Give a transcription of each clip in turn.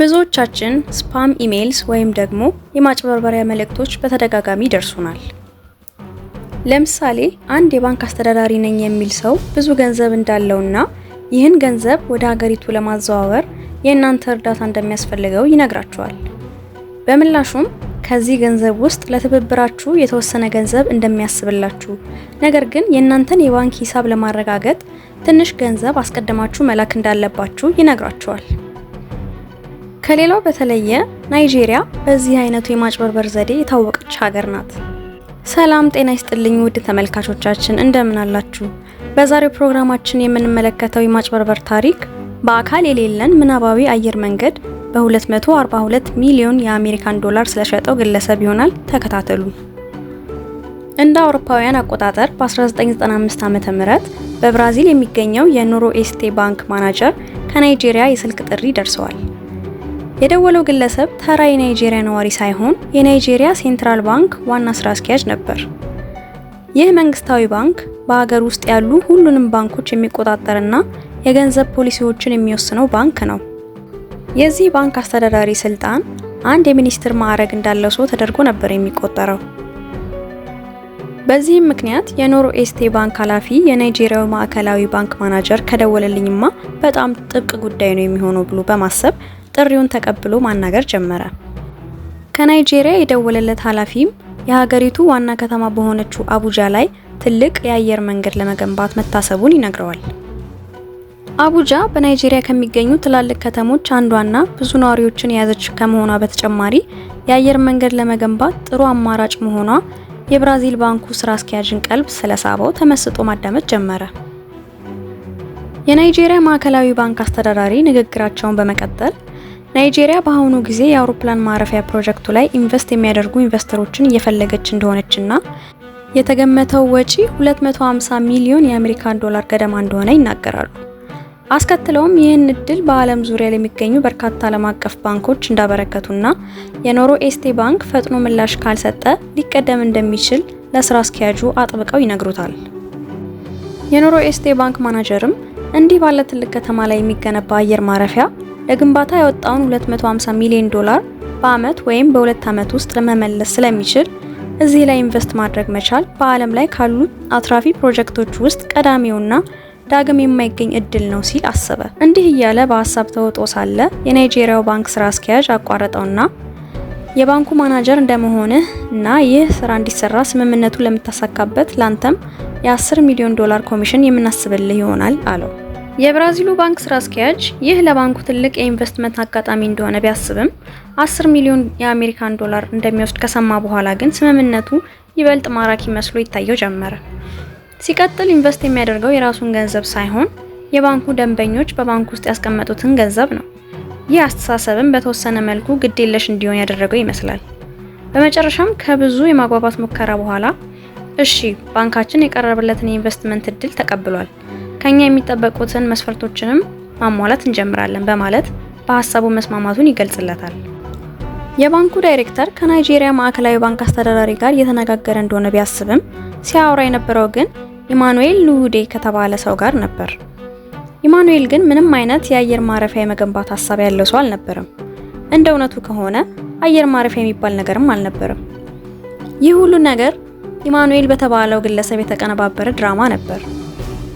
ብዙዎቻችን ስፓም ኢሜይልስ ወይም ደግሞ የማጭበርበሪያ መልእክቶች በተደጋጋሚ ይደርሱናል። ለምሳሌ አንድ የባንክ አስተዳዳሪ ነኝ የሚል ሰው ብዙ ገንዘብ እንዳለውና ይህን ገንዘብ ወደ ሀገሪቱ ለማዘዋወር የእናንተ እርዳታ እንደሚያስፈልገው ይነግራችኋል። በምላሹም ከዚህ ገንዘብ ውስጥ ለትብብራችሁ የተወሰነ ገንዘብ እንደሚያስብላችሁ፣ ነገር ግን የእናንተን የባንክ ሂሳብ ለማረጋገጥ ትንሽ ገንዘብ አስቀድማችሁ መላክ እንዳለባችሁ ይነግራችኋል። ከሌላው በተለየ ናይጄሪያ በዚህ አይነቱ የማጭበርበር ዘዴ የታወቀች ሀገር ናት። ሰላም ጤና ይስጥልኝ ውድ ተመልካቾቻችን እንደምን አላችሁ? በዛሬው ፕሮግራማችን የምንመለከተው የማጭበርበር ታሪክ በአካል የሌለን ምናባዊ አየር መንገድ በ242 ሚሊዮን የአሜሪካን ዶላር ስለሸጠው ግለሰብ ይሆናል። ተከታተሉ። እንደ አውሮፓውያን አቆጣጠር በ1995 ም በብራዚል የሚገኘው የኑሮ ኤስቴ ባንክ ማናጀር ከናይጄሪያ የስልክ ጥሪ ደርሰዋል። የደወለው ግለሰብ ተራ የናይጄሪያ ነዋሪ ሳይሆን የናይጄሪያ ሴንትራል ባንክ ዋና ስራ አስኪያጅ ነበር። ይህ መንግስታዊ ባንክ በሀገር ውስጥ ያሉ ሁሉንም ባንኮች የሚቆጣጠርና የገንዘብ ፖሊሲዎችን የሚወስነው ባንክ ነው። የዚህ ባንክ አስተዳዳሪ ስልጣን አንድ የሚኒስትር ማዕረግ እንዳለው ሰው ተደርጎ ነበር የሚቆጠረው። በዚህም ምክንያት የኖሮ ኤስቴ ባንክ ኃላፊ የናይጄሪያው ማዕከላዊ ባንክ ማናጀር ከደወለልኝማ በጣም ጥብቅ ጉዳይ ነው የሚሆነው ብሎ በማሰብ ጥሪውን ተቀብሎ ማናገር ጀመረ። ከናይጄሪያ የደወለለት ኃላፊም የሀገሪቱ ዋና ከተማ በሆነችው አቡጃ ላይ ትልቅ የአየር መንገድ ለመገንባት መታሰቡን ይነግረዋል። አቡጃ በናይጄሪያ ከሚገኙ ትላልቅ ከተሞች አንዷና ብዙ ነዋሪዎችን የያዘች ከመሆኗ በተጨማሪ የአየር መንገድ ለመገንባት ጥሩ አማራጭ መሆኗ የብራዚል ባንኩ ስራ አስኪያጅን ቀልብ ስለሳበው ተመስጦ ማዳመጥ ጀመረ። የናይጄሪያ ማዕከላዊ ባንክ አስተዳዳሪ ንግግራቸውን በመቀጠል ናይጄሪያ በአሁኑ ጊዜ የአውሮፕላን ማረፊያ ፕሮጀክቱ ላይ ኢንቨስት የሚያደርጉ ኢንቨስተሮችን እየፈለገች እንደሆነችና የተገመተው ወጪ 250 ሚሊዮን የአሜሪካን ዶላር ገደማ እንደሆነ ይናገራሉ። አስከትለውም ይህን እድል በዓለም ዙሪያ ለሚገኙ በርካታ ዓለም አቀፍ ባንኮች እንዳበረከቱና የኖሮ ኤስቴ ባንክ ፈጥኖ ምላሽ ካልሰጠ ሊቀደም እንደሚችል ለስራ አስኪያጁ አጥብቀው ይነግሩታል። የኖሮ ኤስቴ ባንክ ማናጀርም እንዲህ ባለ ትልቅ ከተማ ላይ የሚገነባ አየር ማረፊያ ለግንባታ ያወጣውን 250 ሚሊዮን ዶላር በአመት ወይም በሁለት አመት ውስጥ ለመመለስ ስለሚችል እዚህ ላይ ኢንቨስት ማድረግ መቻል በዓለም ላይ ካሉ አትራፊ ፕሮጀክቶች ውስጥ ቀዳሚውና ዳግም የማይገኝ እድል ነው ሲል አሰበ። እንዲህ እያለ በሀሳብ ተውጦ ሳለ የናይጄሪያው ባንክ ስራ አስኪያጅ አቋረጠውና የባንኩ ማናጀር እንደመሆንህ እና ይህ ስራ እንዲሰራ ስምምነቱ ለምታሳካበት ላንተም የ10 ሚሊዮን ዶላር ኮሚሽን የምናስብልህ ይሆናል አለው። የብራዚሉ ባንክ ስራ አስኪያጅ ይህ ለባንኩ ትልቅ የኢንቨስትመንት አጋጣሚ እንደሆነ ቢያስብም 10 ሚሊዮን የአሜሪካን ዶላር እንደሚወስድ ከሰማ በኋላ ግን ስምምነቱ ይበልጥ ማራኪ መስሎ ይታየው ጀመረ። ሲቀጥል ኢንቨስት የሚያደርገው የራሱን ገንዘብ ሳይሆን የባንኩ ደንበኞች በባንኩ ውስጥ ያስቀመጡትን ገንዘብ ነው። ይህ አስተሳሰብም በተወሰነ መልኩ ግዴለሽ እንዲሆን ያደረገው ይመስላል። በመጨረሻም ከብዙ የማግባባት ሙከራ በኋላ እሺ ባንካችን የቀረበለትን የኢንቨስትመንት እድል ተቀብሏል ከኛ የሚጠበቁትን መስፈርቶችንም ማሟላት እንጀምራለን በማለት በሀሳቡ መስማማቱን ይገልጽለታል። የባንኩ ዳይሬክተር ከናይጄሪያ ማዕከላዊ ባንክ አስተዳዳሪ ጋር እየተነጋገረ እንደሆነ ቢያስብም ሲያወራ የነበረው ግን ኢማኑኤል ሉዴ ከተባለ ሰው ጋር ነበር። ኢማኑኤል ግን ምንም አይነት የአየር ማረፊያ የመገንባት ሀሳብ ያለው ሰው አልነበረም። እንደ እውነቱ ከሆነ አየር ማረፊያ የሚባል ነገርም አልነበረም። ይህ ሁሉ ነገር ኢማኑኤል በተባለው ግለሰብ የተቀነባበረ ድራማ ነበር።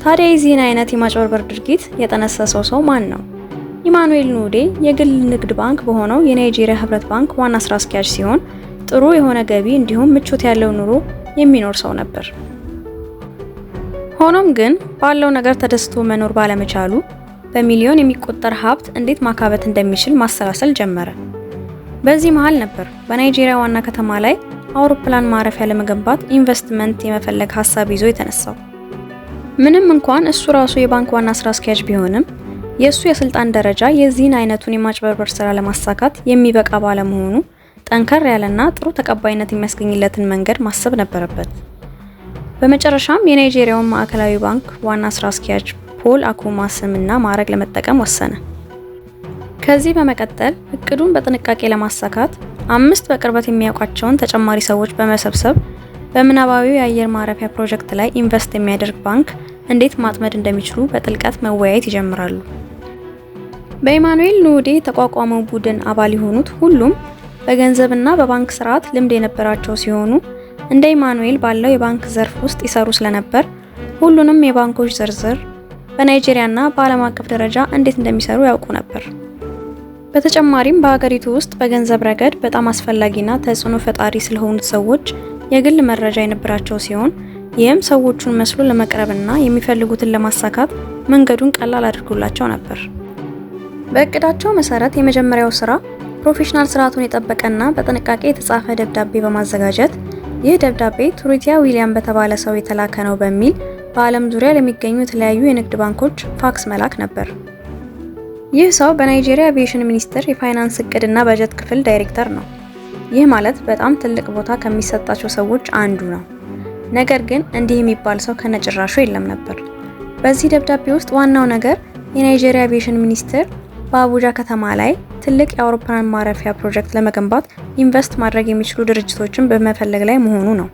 ታዲያ የዚህን አይነት የማጭበርበር ድርጊት የጠነሰሰው ሰው ማን ነው? ኢማኑኤል ኑዴ የግል ንግድ ባንክ በሆነው የናይጄሪያ ህብረት ባንክ ዋና ስራ አስኪያጅ ሲሆን ጥሩ የሆነ ገቢ እንዲሁም ምቾት ያለው ኑሮ የሚኖር ሰው ነበር። ሆኖም ግን ባለው ነገር ተደስቶ መኖር ባለመቻሉ በሚሊዮን የሚቆጠር ሀብት እንዴት ማካበት እንደሚችል ማሰላሰል ጀመረ። በዚህ መሃል ነበር በናይጄሪያ ዋና ከተማ ላይ አውሮፕላን ማረፊያ ለመገንባት ኢንቨስትመንት የመፈለግ ሀሳብ ይዞ የተነሳው። ምንም እንኳን እሱ ራሱ የባንክ ዋና ስራ አስኪያጅ ቢሆንም የእሱ የስልጣን ደረጃ የዚህን አይነቱን የማጭበርበር ስራ ለማሳካት የሚበቃ ባለመሆኑ ጠንከር ያለና ጥሩ ተቀባይነት የሚያስገኝለትን መንገድ ማሰብ ነበረበት። በመጨረሻም የናይጄሪያውን ማዕከላዊ ባንክ ዋና ስራ አስኪያጅ ፖል አኩማ ስምና ማዕረግ ለመጠቀም ወሰነ። ከዚህ በመቀጠል እቅዱን በጥንቃቄ ለማሳካት አምስት በቅርበት የሚያውቋቸውን ተጨማሪ ሰዎች በመሰብሰብ በምናባዊው የአየር ማረፊያ ፕሮጀክት ላይ ኢንቨስት የሚያደርግ ባንክ እንዴት ማጥመድ እንደሚችሉ በጥልቀት መወያየት ይጀምራሉ። በኢማኑኤል ንዑዴ የተቋቋመው ቡድን አባል የሆኑት ሁሉም በገንዘብና በባንክ ስርዓት ልምድ የነበራቸው ሲሆኑ እንደ ኢማኑኤል ባለው የባንክ ዘርፍ ውስጥ ይሰሩ ስለነበር ሁሉንም የባንኮች ዝርዝር በናይጄሪያና በዓለም አቀፍ ደረጃ እንዴት እንደሚሰሩ ያውቁ ነበር። በተጨማሪም በሀገሪቱ ውስጥ በገንዘብ ረገድ በጣም አስፈላጊና ተጽዕኖ ፈጣሪ ስለሆኑት ሰዎች የግል መረጃ የነበራቸው ሲሆን ይህም ሰዎቹን መስሎ ለመቅረብና የሚፈልጉትን ለማሳካት መንገዱን ቀላል አድርጎላቸው ነበር። በእቅዳቸው መሰረት የመጀመሪያው ስራ ፕሮፌሽናል ስርዓቱን የጠበቀና በጥንቃቄ የተጻፈ ደብዳቤ በማዘጋጀት ይህ ደብዳቤ ቱሪቲያ ዊሊያም በተባለ ሰው የተላከ ነው በሚል በዓለም ዙሪያ ለሚገኙ የተለያዩ የንግድ ባንኮች ፋክስ መላክ ነበር። ይህ ሰው በናይጄሪያ አቪዬሽን ሚኒስቴር የፋይናንስ እቅድና በጀት ክፍል ዳይሬክተር ነው። ይህ ማለት በጣም ትልቅ ቦታ ከሚሰጣቸው ሰዎች አንዱ ነው። ነገር ግን እንዲህ የሚባል ሰው ከነጭራሹ የለም ነበር። በዚህ ደብዳቤ ውስጥ ዋናው ነገር የናይጄሪያ አቪዬሽን ሚኒስቴር በአቡጃ ከተማ ላይ ትልቅ የአውሮፕላን ማረፊያ ፕሮጀክት ለመገንባት ኢንቨስት ማድረግ የሚችሉ ድርጅቶችን በመፈለግ ላይ መሆኑ ነው።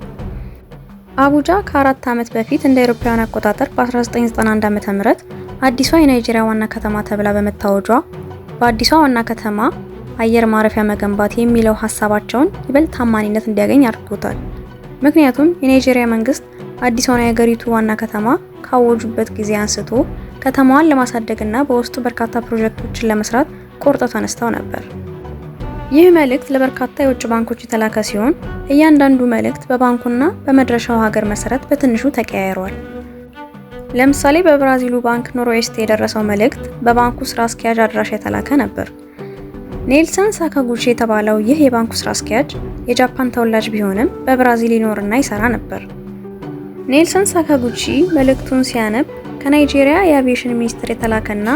አቡጃ ከአራት ዓመት በፊት እንደ አውሮፓውያን አቆጣጠር በ1991 ዓ. ም አዲሷ የናይጄሪያ ዋና ከተማ ተብላ በመታወጇ በአዲሷ ዋና ከተማ አየር ማረፊያ መገንባት የሚለው ሀሳባቸውን ይበልጥ ታማኒነት እንዲያገኝ አድርጎታል። ምክንያቱም የናይጄሪያ መንግስት አዲሷን የሀገሪቱ ዋና ከተማ ካወጁበት ጊዜ አንስቶ ከተማዋን ለማሳደግና በውስጡ በርካታ ፕሮጀክቶችን ለመስራት ቆርጠው ተነስተው ነበር። ይህ መልእክት ለበርካታ የውጭ ባንኮች የተላከ ሲሆን እያንዳንዱ መልእክት በባንኩና በመድረሻው ሀገር መሰረት በትንሹ ተቀያይሯል። ለምሳሌ በብራዚሉ ባንክ ኖርዌስት የደረሰው መልእክት በባንኩ ስራ አስኪያጅ አድራሻ የተላከ ነበር። ኔልሰን ሳካጉቺ የተባለው ይህ የባንኩ ስራ አስኪያጅ የጃፓን ተወላጅ ቢሆንም በብራዚል ይኖርና ይሰራ ነበር። ኔልሰን ሳካጉቺ መልእክቱን ሲያነብ ከናይጄሪያ የአቪዬሽን ሚኒስቴር የተላከና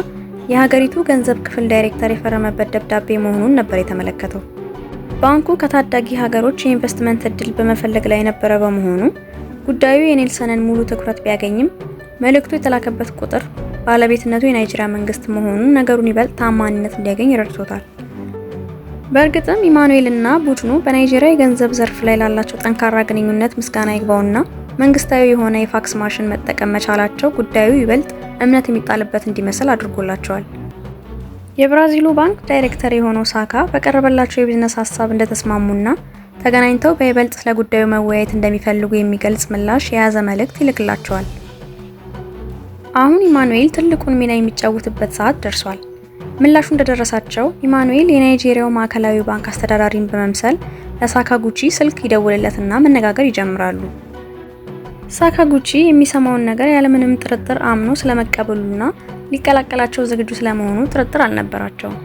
የሀገሪቱ ገንዘብ ክፍል ዳይሬክተር የፈረመበት ደብዳቤ መሆኑን ነበር የተመለከተው። ባንኩ ከታዳጊ ሀገሮች የኢንቨስትመንት እድል በመፈለግ ላይ የነበረ በመሆኑ ጉዳዩ የኔልሰንን ሙሉ ትኩረት ቢያገኝም መልእክቱ የተላከበት ቁጥር ባለቤትነቱ የናይጄሪያ መንግስት መሆኑን ነገሩን ይበልጥ ታማኝነት እንዲያገኝ ረድቶታል። በእርግጥም ኢማኑኤልና ቡድኑ በናይጄሪያ የገንዘብ ዘርፍ ላይ ላላቸው ጠንካራ ግንኙነት ምስጋና ይግባውና መንግስታዊ የሆነ የፋክስ ማሽን መጠቀም መቻላቸው ጉዳዩ ይበልጥ እምነት የሚጣልበት እንዲመስል አድርጎላቸዋል። የብራዚሉ ባንክ ዳይሬክተር የሆነው ሳካ በቀረበላቸው የቢዝነስ ሀሳብ እንደተስማሙና ተገናኝተው በይበልጥ ስለ ጉዳዩ መወያየት እንደሚፈልጉ የሚገልጽ ምላሽ የያዘ መልእክት ይልክላቸዋል። አሁን ኢማኑኤል ትልቁን ሚና የሚጫወትበት ሰዓት ደርሷል። ምላሹ እንደደረሳቸው ኢማኑኤል የናይጄሪያው ማዕከላዊ ባንክ አስተዳዳሪን በመምሰል ለሳካጉቺ ስልክ ይደውልለትና መነጋገር ይጀምራሉ። ሳካጉቺ የሚሰማውን ነገር ያለምንም ጥርጥር አምኖ ስለመቀበሉና ሊቀላቀላቸው ዝግጁ ስለመሆኑ ጥርጥር አልነበራቸውም።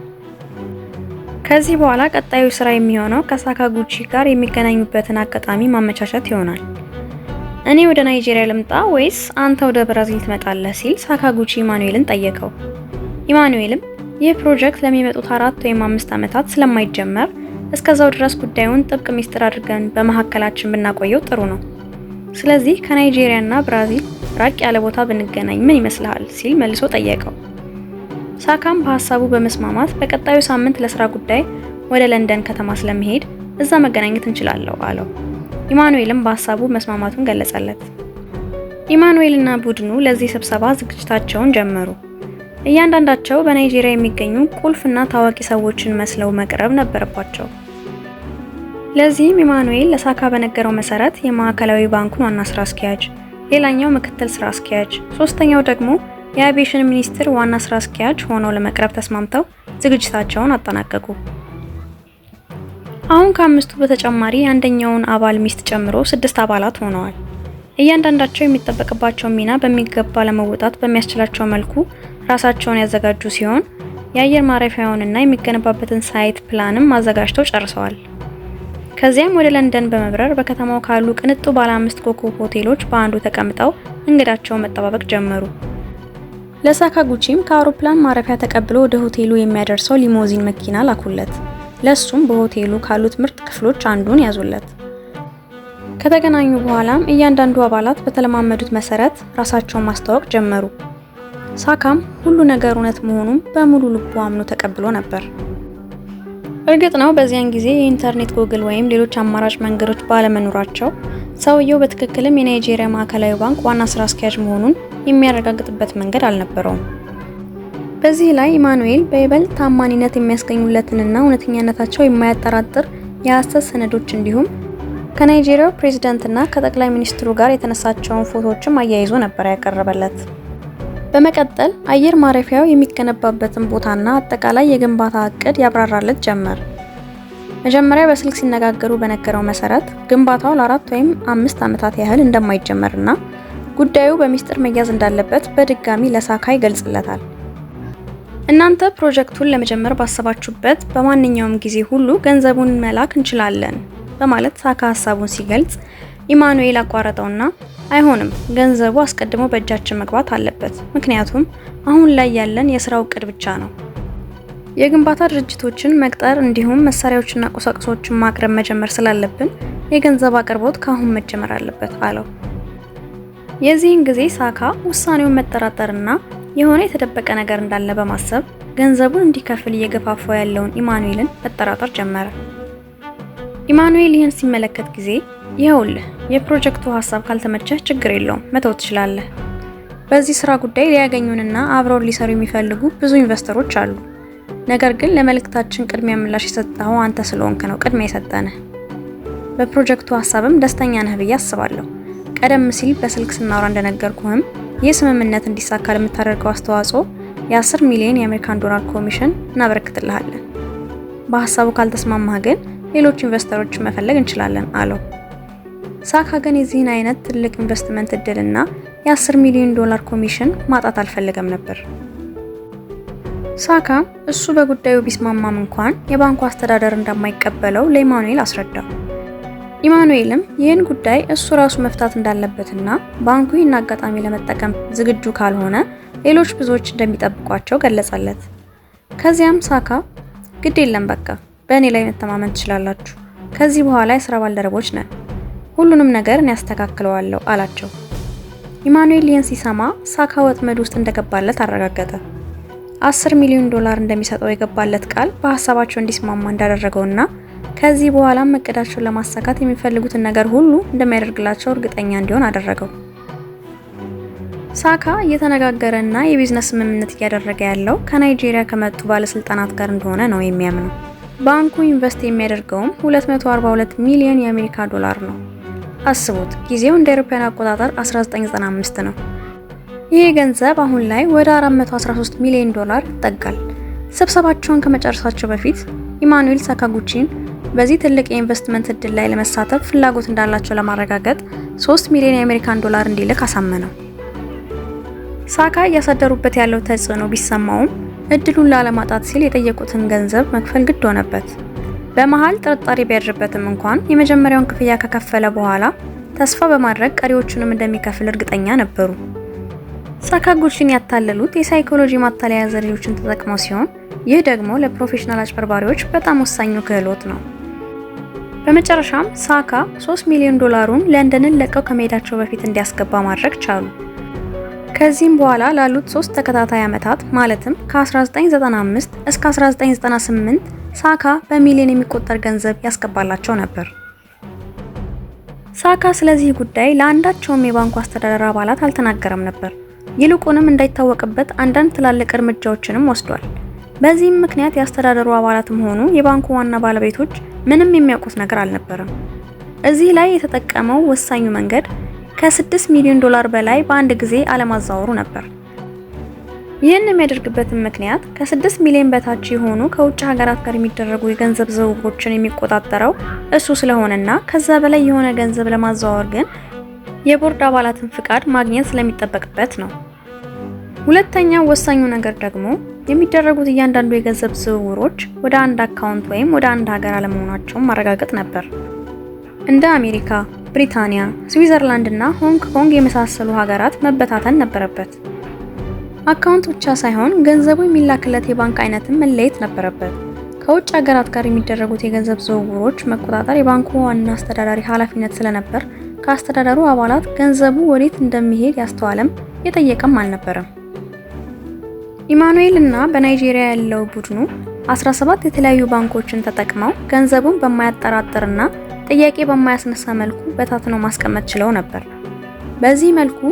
ከዚህ በኋላ ቀጣዩ ስራ የሚሆነው ከሳካጉቺ ጋር የሚገናኙበትን አጋጣሚ ማመቻቸት ይሆናል። እኔ ወደ ናይጄሪያ ልምጣ ወይስ አንተ ወደ ብራዚል ትመጣለህ? ሲል ሳካጉቺ ኢማኑኤልን ጠየቀው። ኢማኑኤልም ይህ ፕሮጀክት ለሚመጡት አራት ወይም አምስት ዓመታት ስለማይጀመር እስከዛው ድረስ ጉዳዩን ጥብቅ ሚስጥር አድርገን በመሀከላችን ብናቆየው ጥሩ ነው። ስለዚህ ከናይጄሪያ እና ብራዚል ራቅ ያለ ቦታ ብንገናኝ ምን ይመስልሃል? ሲል መልሶ ጠየቀው። ሳካም በሀሳቡ በመስማማት በቀጣዩ ሳምንት ለስራ ጉዳይ ወደ ለንደን ከተማ ስለመሄድ እዛ መገናኘት እንችላለሁ አለው። ኢማኑኤልም በሀሳቡ መስማማቱን ገለጸለት። ኢማኑኤልና ቡድኑ ለዚህ ስብሰባ ዝግጅታቸውን ጀመሩ። እያንዳንዳቸው በናይጄሪያ የሚገኙ ቁልፍና ታዋቂ ሰዎችን መስለው መቅረብ ነበረባቸው። ለዚህም ኢማኑኤል ለሳካ በነገረው መሰረት የማዕከላዊ ባንኩን ዋና ስራ አስኪያጅ፣ ሌላኛው ምክትል ስራ አስኪያጅ፣ ሶስተኛው ደግሞ የአቪዬሽን ሚኒስትር ዋና ስራ አስኪያጅ ሆነው ለመቅረብ ተስማምተው ዝግጅታቸውን አጠናቀቁ። አሁን ከአምስቱ በተጨማሪ የአንደኛውን አባል ሚስት ጨምሮ ስድስት አባላት ሆነዋል። እያንዳንዳቸው የሚጠበቅባቸው ሚና በሚገባ ለመወጣት በሚያስችላቸው መልኩ ራሳቸውን ያዘጋጁ ሲሆን የአየር ማረፊያውንና የሚገነባበትን ሳይት ፕላንም አዘጋጅተው ጨርሰዋል። ከዚያም ወደ ለንደን በመብረር በከተማው ካሉ ቅንጡ ባለ አምስት ኮከብ ሆቴሎች በአንዱ ተቀምጠው እንግዳቸውን መጠባበቅ ጀመሩ። ለሳካጉቺም ከአውሮፕላን ማረፊያ ተቀብሎ ወደ ሆቴሉ የሚያደርሰው ሊሞዚን መኪና ላኩለት። ለሱም በሆቴሉ ካሉት ምርጥ ክፍሎች አንዱን ያዙለት። ከተገናኙ በኋላም እያንዳንዱ አባላት በተለማመዱት መሰረት ራሳቸውን ማስተዋወቅ ጀመሩ። ሳካም ሁሉ ነገር እውነት መሆኑን በሙሉ ልቡ አምኖ ተቀብሎ ነበር። እርግጥ ነው በዚያን ጊዜ የኢንተርኔት ጉግል ወይም ሌሎች አማራጭ መንገዶች ባለመኖራቸው ሰውየው በትክክልም የናይጄሪያ ማዕከላዊ ባንክ ዋና ስራ አስኪያጅ መሆኑን የሚያረጋግጥበት መንገድ አልነበረውም። በዚህ ላይ ኢማኑኤል በይበልጥ ታማኒነት የሚያስገኙለትንና እውነተኛነታቸው የማያጠራጥር የሐሰት ሰነዶች እንዲሁም ከናይጄሪያው ፕሬዚዳንትና ከጠቅላይ ሚኒስትሩ ጋር የተነሳቸውን ፎቶዎችም አያይዞ ነበር ያቀረበለት። በመቀጠል አየር ማረፊያው የሚገነባበትን ቦታና አጠቃላይ የግንባታ እቅድ ያብራራለት ጀመር። መጀመሪያ በስልክ ሲነጋገሩ በነገረው መሰረት ግንባታው ለአራት ወይም አምስት ዓመታት ያህል እንደማይጀመርና ጉዳዩ በሚስጥር መያዝ እንዳለበት በድጋሚ ለሳካ ይገልጽለታል። እናንተ ፕሮጀክቱን ለመጀመር ባሰባችሁበት በማንኛውም ጊዜ ሁሉ ገንዘቡን መላክ እንችላለን በማለት ሳካ ሀሳቡን ሲገልጽ ኢማኑኤል አቋረጠውና አይሆንም። ገንዘቡ አስቀድሞ በእጃችን መግባት አለበት። ምክንያቱም አሁን ላይ ያለን የስራ እቅድ ብቻ ነው። የግንባታ ድርጅቶችን መቅጠር እንዲሁም መሳሪያዎችና ቁሳቁሶችን ማቅረብ መጀመር ስላለብን የገንዘብ አቅርቦት ከአሁን መጀመር አለበት አለው። የዚህን ጊዜ ሳካ ውሳኔውን መጠራጠርና የሆነ የተደበቀ ነገር እንዳለ በማሰብ ገንዘቡን እንዲከፍል እየገፋፋው ያለውን ኢማኑኤልን መጠራጠር ጀመረ። ኢማኑኤል ይህን ሲመለከት ጊዜ ይኸውልህ የፕሮጀክቱ ሀሳብ ካልተመቸህ ችግር የለውም መተው ትችላለህ። በዚህ ስራ ጉዳይ ሊያገኙንና አብረውን ሊሰሩ የሚፈልጉ ብዙ ኢንቨስተሮች አሉ። ነገር ግን ለመልእክታችን ቅድሚያ ምላሽ የሰጠው አንተ ስለሆንክ ነው ቅድሚያ የሰጠንህ። በፕሮጀክቱ ሀሳብም ደስተኛ ነህ ብዬ አስባለሁ። ቀደም ሲል በስልክ ስናወራ እንደነገርኩህም ይህ ስምምነት እንዲሳካ ለምታደርገው አስተዋጽኦ የ10 ሚሊዮን የአሜሪካን ዶላር ኮሚሽን እናበረክትልሃለን። በሀሳቡ ካልተስማማህ ግን ሌሎች ኢንቨስተሮችን መፈለግ እንችላለን አለው። ሳካ ግን የዚህን አይነት ትልቅ ኢንቨስትመንት እድልና የ10 ሚሊዮን ዶላር ኮሚሽን ማጣት አልፈለገም ነበር። ሳካ እሱ በጉዳዩ ቢስማማም እንኳን የባንኩ አስተዳደር እንደማይቀበለው ለኢማኑኤል አስረዳ። ኢማኑኤልም ይህን ጉዳይ እሱ ራሱ መፍታት እንዳለበትና ባንኩ ይህን አጋጣሚ ለመጠቀም ዝግጁ ካልሆነ ሌሎች ብዙዎች እንደሚጠብቋቸው ገለጸለት። ከዚያም ሳካ ግድ የለም በቃ በእኔ ላይ መተማመን ትችላላችሁ፣ ከዚህ በኋላ የስራ ባልደረቦች ነን ሁሉንም ነገር እኔ ያስተካክለዋለሁ አላቸው። ኢማኑኤል ይህን ሲሰማ ሳካ ወጥመድ ውስጥ እንደገባለት አረጋገጠ። አስር ሚሊዮን ዶላር እንደሚሰጠው የገባለት ቃል በሀሳባቸው እንዲስማማ እንዳደረገውና ከዚህ በኋላም እቅዳቸውን ለማሳካት የሚፈልጉትን ነገር ሁሉ እንደሚያደርግላቸው እርግጠኛ እንዲሆን አደረገው። ሳካ እና የቢዝነስ ስምምነት እያደረገ ያለው ከናይጄሪያ ከመጡ ባለስልጣናት ጋር እንደሆነ ነው የሚያምነው። ባንኩ ኢንቨስት የሚያደርገውም 242 ሚሊዮን የአሜሪካ ዶላር ነው። አስቡት ጊዜው እንደ አውሮፓውያን አቆጣጠር 1995 ነው። ይህ ገንዘብ አሁን ላይ ወደ 413 ሚሊዮን ዶላር ይጠጋል። ስብሰባቸውን ከመጨረሳቸው በፊት ኢማኑኤል ሳካጉቺን በዚህ ትልቅ የኢንቨስትመንት እድል ላይ ለመሳተፍ ፍላጎት እንዳላቸው ለማረጋገጥ 3 ሚሊዮን የአሜሪካን ዶላር እንዲልክ አሳመነው። ሳካ እያሳደሩበት ያለው ተጽዕኖ ቢሰማውም እድሉን ላለማጣት ሲል የጠየቁትን ገንዘብ መክፈል ግድ ሆነበት። በመሃል ጥርጣሬ ቢያድርበትም እንኳን የመጀመሪያውን ክፍያ ከከፈለ በኋላ ተስፋ በማድረግ ቀሪዎቹንም እንደሚከፍል እርግጠኛ ነበሩ። ሳካጎችን ያታለሉት የሳይኮሎጂ ማታለያ ዘዴዎችን ተጠቅመው ሲሆን ይህ ደግሞ ለፕሮፌሽናል አጭበርባሪዎች በጣም ወሳኙ ክህሎት ነው። በመጨረሻም ሳካ 3 ሚሊዮን ዶላሩን ለንደንን ለቀው ከመሄዳቸው በፊት እንዲያስገባ ማድረግ ቻሉ። ከዚህም በኋላ ላሉት ሶስት ተከታታይ ዓመታት ማለትም ከ1995 እስከ 1998 ሳካ በሚሊዮን የሚቆጠር ገንዘብ ያስገባላቸው ነበር። ሳካ ስለዚህ ጉዳይ ለአንዳቸውም የባንኩ አስተዳደር አባላት አልተናገረም ነበር። ይልቁንም እንዳይታወቅበት አንዳንድ ትላልቅ እርምጃዎችንም ወስዷል። በዚህም ምክንያት የአስተዳደሩ አባላትም ሆኑ የባንኩ ዋና ባለቤቶች ምንም የሚያውቁት ነገር አልነበረም። እዚህ ላይ የተጠቀመው ወሳኙ መንገድ ከ6 ሚሊዮን ዶላር በላይ በአንድ ጊዜ አለማዛወሩ ነበር። ይህን የሚያደርግበትን ምክንያት ከ6 ሚሊዮን በታች የሆኑ ከውጭ ሀገራት ጋር የሚደረጉ የገንዘብ ዝውውሮችን የሚቆጣጠረው እሱ ስለሆነና ከዛ በላይ የሆነ ገንዘብ ለማዘዋወር ግን የቦርድ አባላትን ፍቃድ ማግኘት ስለሚጠበቅበት ነው። ሁለተኛው ወሳኙ ነገር ደግሞ የሚደረጉት እያንዳንዱ የገንዘብ ዝውውሮች ወደ አንድ አካውንት ወይም ወደ አንድ ሀገር አለመሆናቸውን ማረጋገጥ ነበር። እንደ አሜሪካ፣ ብሪታንያ፣ ስዊዘርላንድ እና ሆንግ ኮንግ የመሳሰሉ ሀገራት መበታተን ነበረበት። አካውንት ብቻ ሳይሆን ገንዘቡ የሚላክለት የባንክ አይነትም መለየት ነበረበት። ከውጭ ሀገራት ጋር የሚደረጉት የገንዘብ ዝውውሮች መቆጣጠር የባንኩ ዋና አስተዳዳሪ ኃላፊነት ስለነበር ከአስተዳደሩ አባላት ገንዘቡ ወዴት እንደሚሄድ ያስተዋለም የጠየቀም አልነበረም። ኢማኑኤል እና በናይጄሪያ ያለው ቡድኑ 17 የተለያዩ ባንኮችን ተጠቅመው ገንዘቡን በማያጠራጥርና ጥያቄ በማያስነሳ መልኩ በታትነው ማስቀመጥ ችለው ነበር። በዚህ መልኩ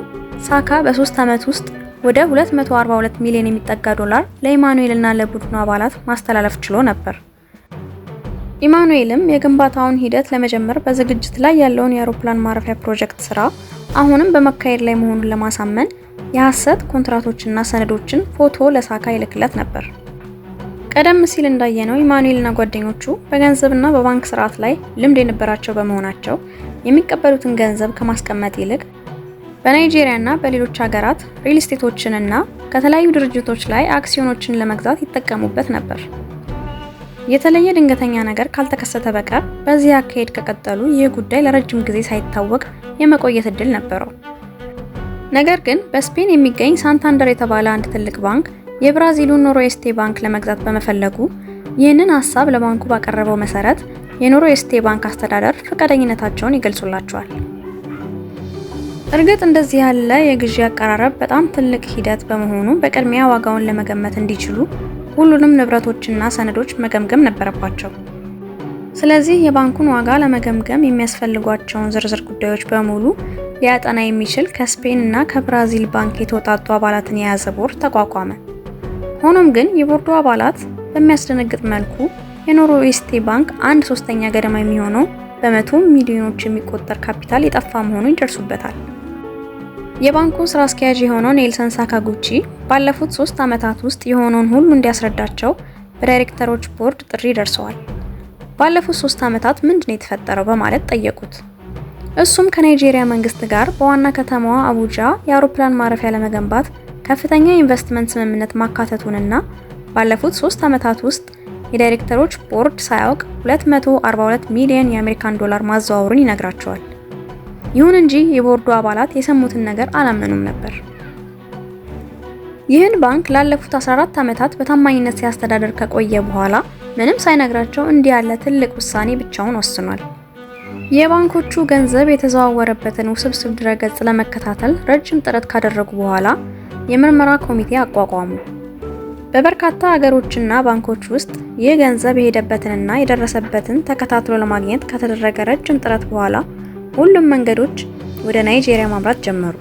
ሳካ በሶስት ዓመት ውስጥ ወደ 242 ሚሊዮን የሚጠጋ ዶላር ለኢማኑኤልና ለቡድኑ አባላት ማስተላለፍ ችሎ ነበር። ኢማኑኤልም የግንባታውን ሂደት ለመጀመር በዝግጅት ላይ ያለውን የአውሮፕላን ማረፊያ ፕሮጀክት ስራ አሁንም በመካሄድ ላይ መሆኑን ለማሳመን የሐሰት ኮንትራቶችና ሰነዶችን ፎቶ ለሳካ ይልክለት ነበር። ቀደም ሲል እንዳየነው ኢማኑኤልና ጓደኞቹ በገንዘብና በባንክ ስርዓት ላይ ልምድ የነበራቸው በመሆናቸው የሚቀበሉትን ገንዘብ ከማስቀመጥ ይልቅ በናይጄሪያና በሌሎች ሀገራት ሪል ስቴቶችንና ከተለያዩ ድርጅቶች ላይ አክሲዮኖችን ለመግዛት ይጠቀሙበት ነበር። የተለየ ድንገተኛ ነገር ካልተከሰተ በቀር በዚህ አካሄድ ከቀጠሉ ይህ ጉዳይ ለረጅም ጊዜ ሳይታወቅ የመቆየት እድል ነበረው። ነገር ግን በስፔን የሚገኝ ሳንታንደር የተባለ አንድ ትልቅ ባንክ የብራዚሉን ኖሮኤስቴ ባንክ ለመግዛት በመፈለጉ ይህንን ሀሳብ ለባንኩ ባቀረበው መሰረት የኖሮኤስቴ ባንክ አስተዳደር ፈቃደኝነታቸውን ይገልጹላቸዋል። እርግጥ እንደዚህ ያለ የግዢ አቀራረብ በጣም ትልቅ ሂደት በመሆኑ በቅድሚያ ዋጋውን ለመገመት እንዲችሉ ሁሉንም ንብረቶችና ሰነዶች መገምገም ነበረባቸው። ስለዚህ የባንኩን ዋጋ ለመገምገም የሚያስፈልጓቸውን ዝርዝር ጉዳዮች በሙሉ ሊያጠና የሚችል ከስፔን እና ከብራዚል ባንክ የተውጣጡ አባላትን የያዘ ቦርድ ተቋቋመ። ሆኖም ግን የቦርዱ አባላት በሚያስደነግጥ መልኩ የኖርዌስቴ ባንክ አንድ ሶስተኛ ገደማ የሚሆነው በመቶ ሚሊዮኖች የሚቆጠር ካፒታል የጠፋ መሆኑን ይደርሱበታል። የባንኩ ስራ አስኪያጅ የሆነው ኔልሰን ሳካጉቺ ባለፉት ሶስት ዓመታት ውስጥ የሆነውን ሁሉ እንዲያስረዳቸው በዳይሬክተሮች ቦርድ ጥሪ ደርሰዋል። ባለፉት ሶስት ዓመታት ምንድን ነው የተፈጠረው በማለት ጠየቁት። እሱም ከናይጄሪያ መንግስት ጋር በዋና ከተማዋ አቡጃ የአውሮፕላን ማረፊያ ለመገንባት ከፍተኛ የኢንቨስትመንት ስምምነት ማካተቱንና ባለፉት ሶስት ዓመታት ውስጥ የዳይሬክተሮች ቦርድ ሳያውቅ 242 ሚሊዮን የአሜሪካን ዶላር ማዘዋወሩን ይነግራቸዋል። ይሁን እንጂ የቦርዱ አባላት የሰሙትን ነገር አላመኑም ነበር። ይህን ባንክ ላለፉት 14 ዓመታት በታማኝነት ሲያስተዳደር ከቆየ በኋላ ምንም ሳይነግራቸው እንዲህ ያለ ትልቅ ውሳኔ ብቻውን ወስኗል። የባንኮቹ ገንዘብ የተዘዋወረበትን ውስብስብ ድረገጽ ለመከታተል ረጅም ጥረት ካደረጉ በኋላ የምርመራ ኮሚቴ አቋቋሙ። በበርካታ አገሮችና ባንኮች ውስጥ ይህ ገንዘብ የሄደበትንና የደረሰበትን ተከታትሎ ለማግኘት ከተደረገ ረጅም ጥረት በኋላ ሁሉም መንገዶች ወደ ናይጄሪያ ማምራት ጀመሩ።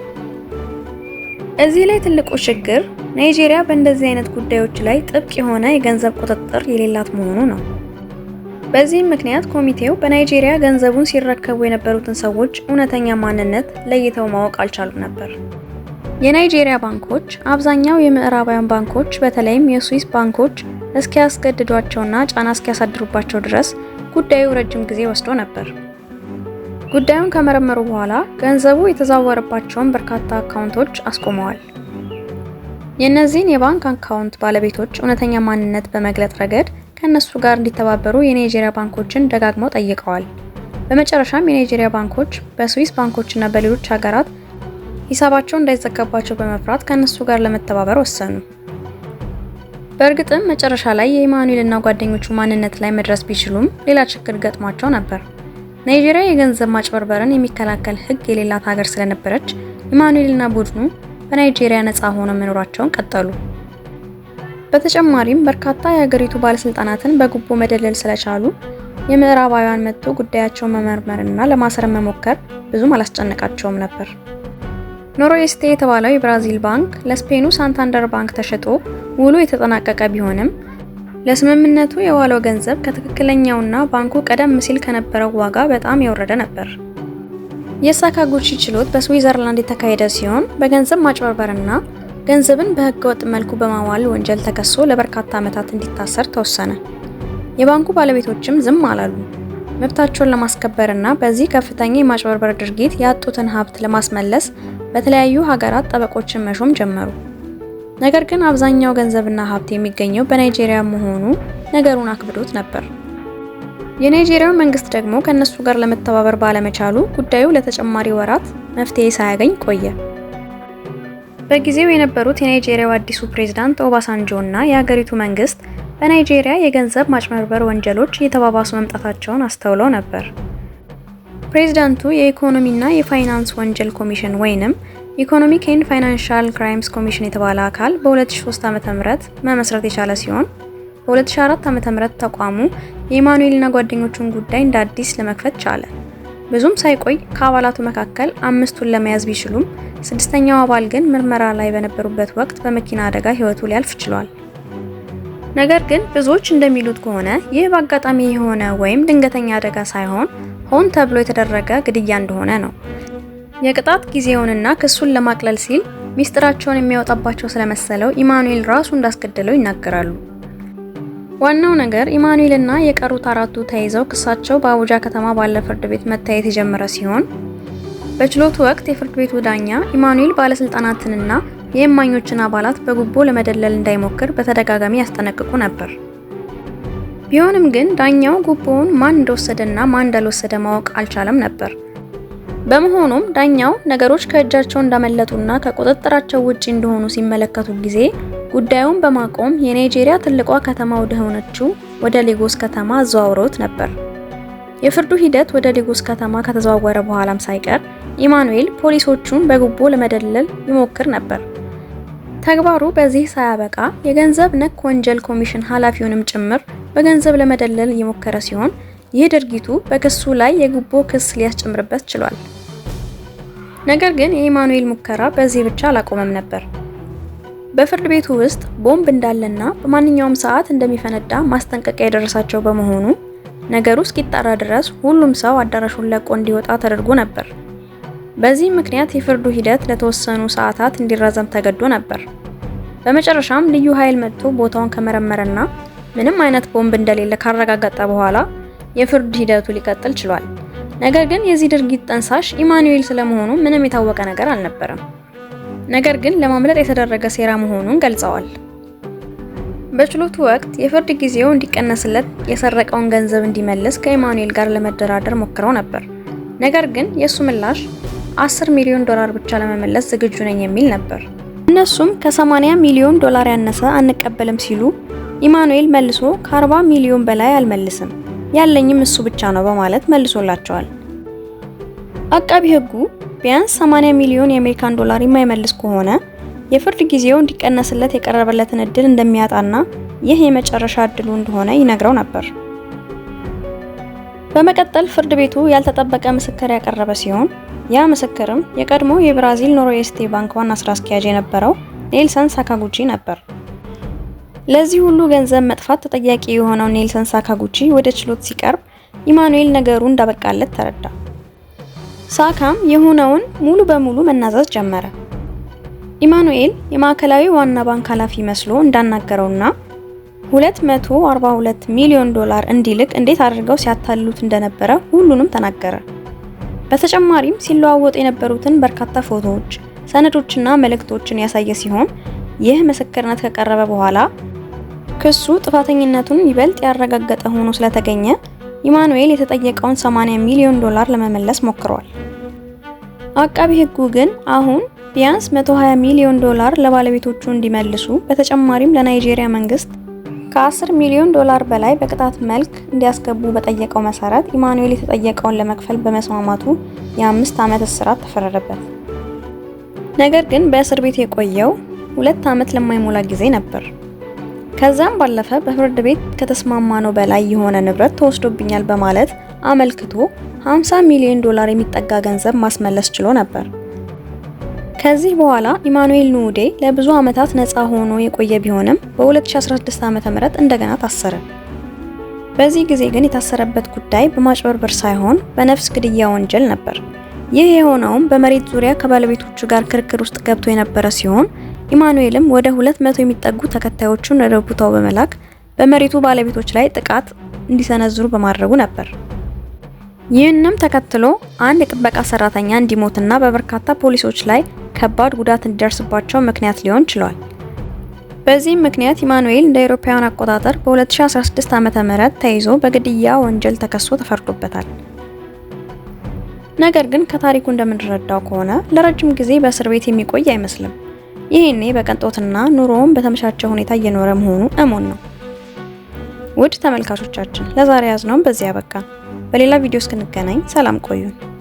እዚህ ላይ ትልቁ ችግር ናይጄሪያ በእንደዚህ አይነት ጉዳዮች ላይ ጥብቅ የሆነ የገንዘብ ቁጥጥር የሌላት መሆኑ ነው። በዚህም ምክንያት ኮሚቴው በናይጄሪያ ገንዘቡን ሲረከቡ የነበሩትን ሰዎች እውነተኛ ማንነት ለይተው ማወቅ አልቻሉም ነበር። የናይጄሪያ ባንኮች አብዛኛው የምዕራባውያን ባንኮች በተለይም የስዊስ ባንኮች እስኪያስገድዷቸውና ጫና እስኪያሳድሩባቸው ድረስ ጉዳዩ ረጅም ጊዜ ወስዶ ነበር። ጉዳዩን ከመረመሩ በኋላ ገንዘቡ የተዛወረባቸውን በርካታ አካውንቶች አስቆመዋል። የእነዚህን የባንክ አካውንት ባለቤቶች እውነተኛ ማንነት በመግለጥ ረገድ ከእነሱ ጋር እንዲተባበሩ የናይጄሪያ ባንኮችን ደጋግመው ጠይቀዋል። በመጨረሻም የናይጄሪያ ባንኮች በስዊስ ባንኮችና በሌሎች ሀገራት ሂሳባቸው እንዳይዘገባቸው በመፍራት ከእነሱ ጋር ለመተባበር ወሰኑ። በእርግጥም መጨረሻ ላይ የኢማኑኤልና ጓደኞቹ ማንነት ላይ መድረስ ቢችሉም ሌላ ችግር ገጥሟቸው ነበር። ናይጄሪያ የገንዘብ ማጭበርበርን የሚከላከል ህግ የሌላት ሀገር ስለነበረች ኢማኑኤልና ቡድኑ በናይጄሪያ ነፃ ሆኖ መኖራቸውን ቀጠሉ። በተጨማሪም በርካታ የሀገሪቱ ባለስልጣናትን በጉቦ መደለል ስለቻሉ የምዕራባውያን መጥቶ ጉዳያቸውን መመርመርና ለማሰር መሞከር ብዙም አላስጨነቃቸውም ነበር። ኖርዌስቴ የተባለው የብራዚል ባንክ ለስፔኑ ሳንታንደር ባንክ ተሸጦ ውሉ የተጠናቀቀ ቢሆንም ለስምምነቱ የዋለው ገንዘብ ከትክክለኛውና ባንኩ ቀደም ሲል ከነበረው ዋጋ በጣም የወረደ ነበር። የሳካጉቺ ችሎት በስዊዘርላንድ የተካሄደ ሲሆን በገንዘብ ማጭበርበርና ገንዘብን በህገወጥ መልኩ በማዋል ወንጀል ተከሶ ለበርካታ ዓመታት እንዲታሰር ተወሰነ። የባንኩ ባለቤቶችም ዝም አላሉ። መብታቸውን ለማስከበርና በዚህ ከፍተኛ የማጭበርበር ድርጊት ያጡትን ሀብት ለማስመለስ በተለያዩ ሀገራት ጠበቆችን መሾም ጀመሩ። ነገር ግን አብዛኛው ገንዘብና ሀብት የሚገኘው በናይጄሪያ መሆኑ ነገሩን አክብዶት ነበር። የናይጄሪያው መንግስት ደግሞ ከነሱ ጋር ለመተባበር ባለመቻሉ ጉዳዩ ለተጨማሪ ወራት መፍትሄ ሳያገኝ ቆየ። በጊዜው የነበሩት የናይጄሪያው አዲሱ ፕሬዝዳንት ኦባሳንጆ እና የሀገሪቱ መንግስት በናይጄሪያ የገንዘብ ማጭመርበር ወንጀሎች እየተባባሱ መምጣታቸውን አስተውለው ነበር። ፕሬዝዳንቱ የኢኮኖሚና የፋይናንስ ወንጀል ኮሚሽን ወይንም ኢኮኖሚክ ኤንድ ፋይናንሻል ክራይምስ ኮሚሽን የተባለ አካል በ2003 ዓ.ም መመስረት የቻለ ሲሆን በ2004 ዓ.ም ተቋሙ የኢማኑኤልና ጓደኞቹን ጉዳይ እንደ አዲስ ለመክፈት ቻለ። ብዙም ሳይቆይ ከአባላቱ መካከል አምስቱን ለመያዝ ቢችሉም ስድስተኛው አባል ግን ምርመራ ላይ በነበሩበት ወቅት በመኪና አደጋ ህይወቱ ሊያልፍ ችሏል። ነገር ግን ብዙዎች እንደሚሉት ከሆነ ይህ በአጋጣሚ የሆነ ወይም ድንገተኛ አደጋ ሳይሆን ሆን ተብሎ የተደረገ ግድያ እንደሆነ ነው። የቅጣት ጊዜውንና ክሱን ለማቅለል ሲል ሚስጥራቸውን የሚያወጣባቸው ስለመሰለው ኢማኑኤል ራሱ እንዳስገደለው ይናገራሉ። ዋናው ነገር እና የቀሩት አራቱ ተይዘው ክሳቸው በአቡጃ ከተማ ባለ ፍርድ ቤት መታየት የጀመረ ሲሆን በችሎቱ ወቅት የፍርድ ቤቱ ዳኛ ኢማኑኤል ባለስልጣናትንና የእማኞችን አባላት በጉቦ ለመደለል እንዳይሞክር በተደጋጋሚ ያስጠነቅቁ ነበር። ቢሆንም ግን ዳኛው ጉቦውን ማን እንደወሰደና ማን እንዳልወሰደ ማወቅ አልቻለም ነበር። በመሆኑም ዳኛው ነገሮች ከእጃቸው እንዳመለጡና ከቁጥጥራቸው ውጪ እንደሆኑ ሲመለከቱ ጊዜ ጉዳዩን በማቆም የናይጄሪያ ትልቋ ከተማ ወደ ሆነችው ወደ ሌጎስ ከተማ አዘዋውረውት ነበር። የፍርዱ ሂደት ወደ ሌጎስ ከተማ ከተዘዋወረ በኋላም ሳይቀር ኢማኑኤል ፖሊሶቹን በጉቦ ለመደለል ይሞክር ነበር። ተግባሩ በዚህ ሳያበቃ የገንዘብ ነክ ወንጀል ኮሚሽን ኃላፊውንም ጭምር በገንዘብ ለመደለል እየሞከረ ሲሆን ይህ ድርጊቱ በክሱ ላይ የጉቦ ክስ ሊያስጨምርበት ችሏል። ነገር ግን የኢማኑኤል ሙከራ በዚህ ብቻ አላቆመም ነበር። በፍርድ ቤቱ ውስጥ ቦምብ እንዳለና በማንኛውም ሰዓት እንደሚፈነዳ ማስጠንቀቂያ የደረሳቸው በመሆኑ ነገሩ እስኪጣራ ድረስ ሁሉም ሰው አዳራሹን ለቆ እንዲወጣ ተደርጎ ነበር። በዚህ ምክንያት የፍርዱ ሂደት ለተወሰኑ ሰዓታት እንዲራዘም ተገዶ ነበር። በመጨረሻም ልዩ ኃይል መጥቶ ቦታውን ከመረመረና ምንም አይነት ቦምብ እንደሌለ ካረጋገጠ በኋላ የፍርድ ሂደቱ ሊቀጥል ችሏል። ነገር ግን የዚህ ድርጊት ጠንሳሽ ኢማኑኤል ስለመሆኑ ምንም የታወቀ ነገር አልነበረም። ነገር ግን ለማምለጥ የተደረገ ሴራ መሆኑን ገልጸዋል። በችሎቱ ወቅት የፍርድ ጊዜው እንዲቀነስለት የሰረቀውን ገንዘብ እንዲመልስ ከኢማኑኤል ጋር ለመደራደር ሞክረው ነበር። ነገር ግን የእሱ ምላሽ 10 ሚሊዮን ዶላር ብቻ ለመመለስ ዝግጁ ነኝ የሚል ነበር። እነሱም ከ80 ሚሊዮን ዶላር ያነሰ አንቀበልም ሲሉ ኢማኑኤል መልሶ ከ40 ሚሊዮን በላይ አልመልስም ያለኝም እሱ ብቻ ነው በማለት መልሶላቸዋል። አቃቢ ህጉ ቢያንስ 80 ሚሊዮን የአሜሪካን ዶላር የማይመልስ ከሆነ የፍርድ ጊዜው እንዲቀነስለት የቀረበለትን እድል እንደሚያጣና ይህ የመጨረሻ እድሉ እንደሆነ ይነግረው ነበር። በመቀጠል ፍርድ ቤቱ ያልተጠበቀ ምስክር ያቀረበ ሲሆን ያ ምስክርም የቀድሞ የብራዚል ኖሮኤስቴ ባንክ ዋና ስራ አስኪያጅ የነበረው ኔልሰን ሳካጉቺ ነበር። ለዚህ ሁሉ ገንዘብ መጥፋት ተጠያቂ የሆነው ኔልሰን ሳካጉቺ ወደ ችሎት ሲቀርብ ኢማኑኤል ነገሩ እንዳበቃለት ተረዳ። ሳካም የሆነውን ሙሉ በሙሉ መናዘዝ ጀመረ። ኢማኑኤል የማዕከላዊ ዋና ባንክ ኃላፊ መስሎ እንዳናገረውና 242 ሚሊዮን ዶላር እንዲልቅ እንዴት አድርገው ሲያታልሉት እንደነበረ ሁሉንም ተናገረ። በተጨማሪም ሲለዋወጥ የነበሩትን በርካታ ፎቶዎች፣ ሰነዶችና መልእክቶችን ያሳየ ሲሆን ይህ ምስክርነት ከቀረበ በኋላ ክሱ ጥፋተኝነቱን ይበልጥ ያረጋገጠ ሆኖ ስለተገኘ ኢማኑኤል የተጠየቀውን 80 ሚሊዮን ዶላር ለመመለስ ሞክሯል። አቃቢ ሕጉ ግን አሁን ቢያንስ 120 ሚሊዮን ዶላር ለባለቤቶቹ እንዲመልሱ በተጨማሪም ለናይጄሪያ መንግስት ከ10 ሚሊዮን ዶላር በላይ በቅጣት መልክ እንዲያስገቡ በጠየቀው መሰረት ኢማኑኤል የተጠየቀውን ለመክፈል በመስማማቱ የአምስት ዓመት እስራት ተፈረደበት። ነገር ግን በእስር ቤት የቆየው ሁለት ዓመት ለማይሞላ ጊዜ ነበር። ከዛም ባለፈ በፍርድ ቤት ከተስማማ ነው በላይ የሆነ ንብረት ተወስዶብኛል በማለት አመልክቶ 50 ሚሊዮን ዶላር የሚጠጋ ገንዘብ ማስመለስ ችሎ ነበር። ከዚህ በኋላ ኢማኑኤል ኑዴ ለብዙ ዓመታት ነፃ ሆኖ የቆየ ቢሆንም በ2016 ዓ.ም እንደገና ታሰረ። በዚህ ጊዜ ግን የታሰረበት ጉዳይ በማጭበርበር ሳይሆን በነፍስ ግድያ ወንጀል ነበር። ይህ የሆነውም በመሬት ዙሪያ ከባለቤቶቹ ጋር ክርክር ውስጥ ገብቶ የነበረ ሲሆን ኢማኑኤልም ወደ ሁለት መቶ የሚጠጉ ተከታዮቹን ወደ ቦታው በመላክ በመሬቱ ባለቤቶች ላይ ጥቃት እንዲሰነዝሩ በማድረጉ ነበር። ይህንም ተከትሎ አንድ የጥበቃ ሰራተኛ እንዲሞትና በበርካታ ፖሊሶች ላይ ከባድ ጉዳት እንዲደርስባቸው ምክንያት ሊሆን ችሏል። በዚህም ምክንያት ኢማኑኤል እንደ አውሮፓውያን አቆጣጠር በ2016 ዓ.ም ተይዞ በግድያ ወንጀል ተከሶ ተፈርዶበታል። ነገር ግን ከታሪኩ እንደምንረዳው ከሆነ ለረጅም ጊዜ በእስር ቤት የሚቆይ አይመስልም። ይህኔ በቅንጦትና ኑሮውን በተመቻቸ ሁኔታ እየኖረ መሆኑ እሙን ነው። ውድ ተመልካቾቻችን ለዛሬ ያዝነውን በዚህ ያበቃ። በሌላ ቪዲዮ እስክንገናኝ ሰላም ቆዩን።